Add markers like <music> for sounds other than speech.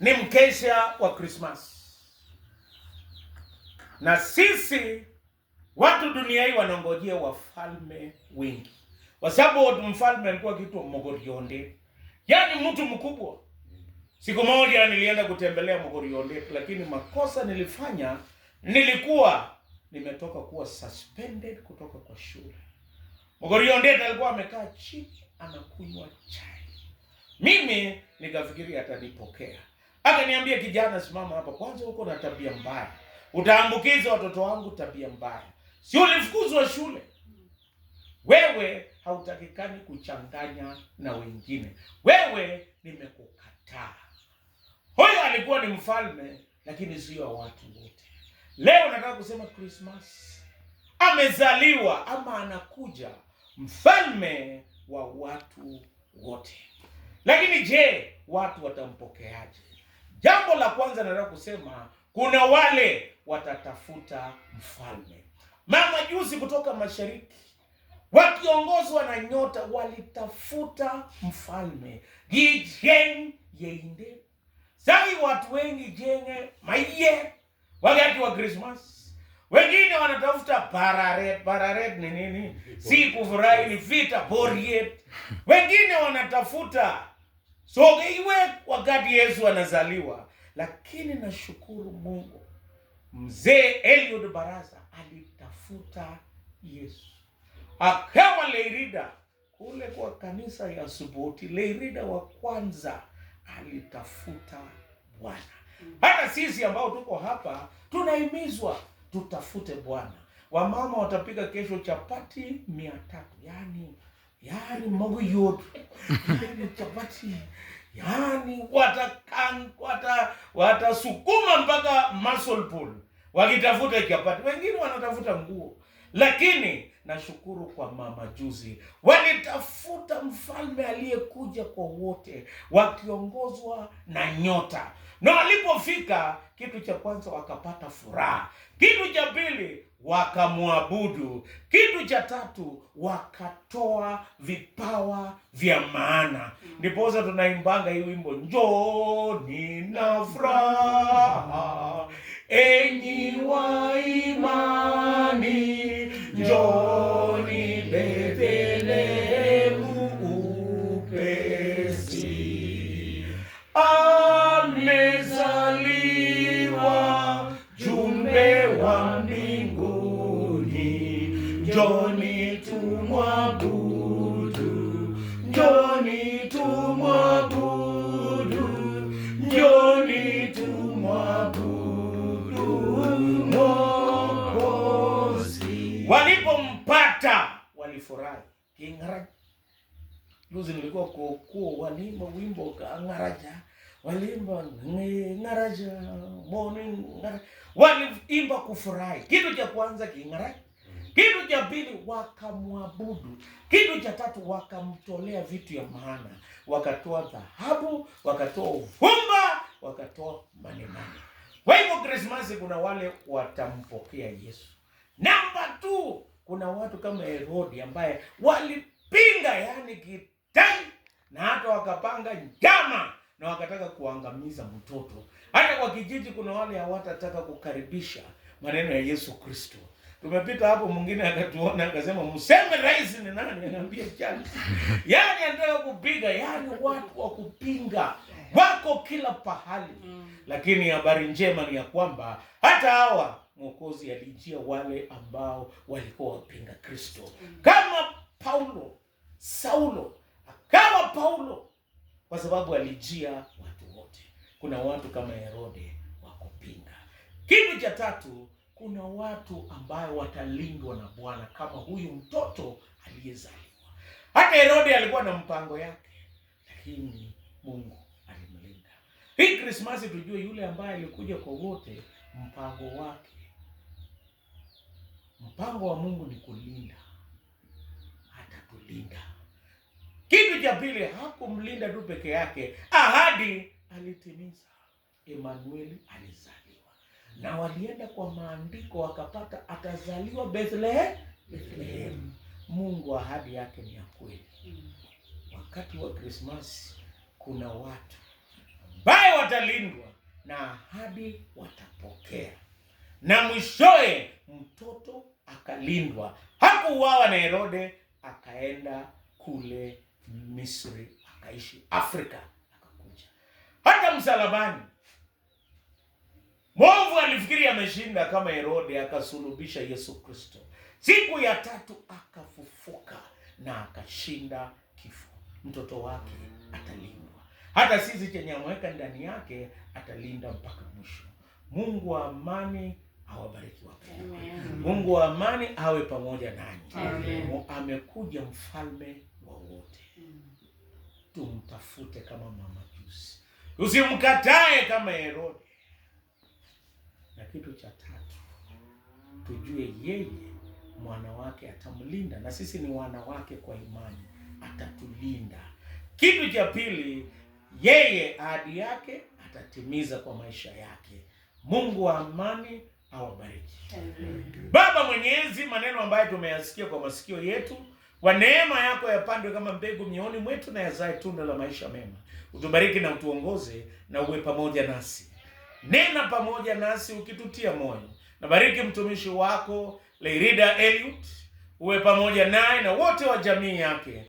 ni mkesha wa krismas na sisi watu hii wanangojea wafalme wengi, kwa sababu mfalme alikuwa kitu Mogorionde, yaani mtu mkubwa. Siku moja nilienda kutembelea Mogorionde, lakini makosa nilifanya, nilikuwa nimetoka kuwa suspended kutoka kwa shule. Mogorionde alikuwa amekaa chini anakunywa chai, mimi nikafikiria atanipokea Akaniambia, kijana, simama hapa kwanza, uko na tabia mbaya, utaambukiza watoto wangu tabia mbaya. Si ulifukuzwa shule? Wewe hautakikani kuchanganya na wengine, wewe nimekukataa. Huyo alikuwa ni mfalme, lakini sio watu wote. Leo nataka kusema Christmas, amezaliwa ama anakuja mfalme wa watu wote. Lakini je, watu watampokeaje? Jambo la kwanza nataka kusema, kuna wale watatafuta mfalme. Mama juzi kutoka mashariki wakiongozwa na nyota walitafuta mfalme gijeng yeinde sai watu wengi jenge maiye wakati wa Christmas, wengine wanatafuta pararet. Pararet ni nini? Si kufurahi, ni vita boriet. Wengine wanatafuta So iwe wakati Yesu anazaliwa, lakini nashukuru Mungu, mzee Eliud Baraza alitafuta Yesu akawa Leirida kule kwa kanisa ya Subuti. Leirida wa kwanza alitafuta Bwana. Hata sisi ambao tuko hapa tunahimizwa tutafute Bwana. Wamama watapika kesho chapati mia tatu yani yani mambo yote yaani chapati yani watakan watasukuma mpaka muscle pool wakitafuta chapati, wengine wanatafuta nguo. Lakini nashukuru kwa mama juzi walitafuta mfalme aliyekuja kwa wote, wakiongozwa na nyota, na walipofika, kitu cha kwanza wakapata furaha, kitu cha pili wakamwabudu. Kitu cha tatu, wakatoa vipawa vya maana. Ndiposa tunaimbanga hii wimbo, njoni na furaha enyi waimani ing'ara Juzi nilikuwa kuokua, waliimba wimbo ng'araja, waliimba ng'araja morning ng'araja, kufurahi. Kitu cha kwanza king'araj, kitu cha pili wakamwabudu, kitu cha tatu wakamtolea vitu ya maana, wakatoa dhahabu, wakatoa uvumba, wakatoa manemane. Kwa hivyo Krismasi kuna wale watampokea Yesu kuna watu kama Herodi ambaye walipinga, yani kitai, na hata wakapanga njama na wakataka kuangamiza mtoto. Hata kwa kijiji kuna wale hawatataka kukaribisha maneno ya Yesu Kristo. Tumepita hapo, mwingine akatuona akasema, mseme rais ni nani? Anaambia chama, <laughs> yani anataka kupiga. Yani watu wa kupinga wako kila pahali, mm. lakini habari njema ni ya kwamba hata hawa Mwokozi alijia wale ambao walikuwa wapinga Kristo, kama Paulo Saulo kama Paulo, kwa sababu alijia watu wote. Kuna watu kama Herode wa kupinga. Kitu cha tatu, kuna watu ambayo watalindwa na Bwana kama huyu mtoto aliyezaliwa. Hata Herode alikuwa na mpango yake, lakini Mungu alimlinda. Hii Krismasi tujue yule ambaye alikuja kwa wote, mpango wake Mpango wa Mungu ni kulinda, atatulinda. Kitu cha pili, hakumlinda tu peke yake, ahadi alitimiza. Emanueli alizaliwa na walienda kwa maandiko wakapata, atazaliwa Bethlehem, Bethlehem. Mungu ahadi yake ni ya kweli. Wakati wa Krismasi kuna watu ambaye watalindwa na ahadi watapokea na mwishoe mtoto akalindwa, hakuuawa na Herode, akaenda kule Misri, akaishi Afrika, akakuja hata msalabani. Mwovu alifikiri ameshinda kama Herode, akasulubisha Yesu Kristo. Siku ya tatu akafufuka na akashinda kifo. Mtoto wake atalindwa, hata sisi chenye ameweka ndani yake atalinda mpaka mwisho. Mungu wa amani awabariki Mungu wa amani awe pamoja nanyi. Amen. Amekuja mfalme wa wote, tumtafute kama mama jusi, usimkatae kama Herode. Na kitu cha tatu, tujue yeye mwana wake atamlinda, na sisi ni wanawake kwa imani, atatulinda. Kitu cha pili, yeye ahadi yake atatimiza kwa maisha yake. Mungu wa amani awabariki. Baba Mwenyezi, maneno ambayo tumeyasikia kwa masikio yetu, kwa neema yako yapandwe kama mbegu mioni mwetu na yazae tunda la maisha mema. Utubariki na utuongoze na uwe pamoja nasi, nena pamoja nasi ukitutia moyo. Nabariki mtumishi wako Leirida Eliud, uwe pamoja naye na wote wa jamii yake.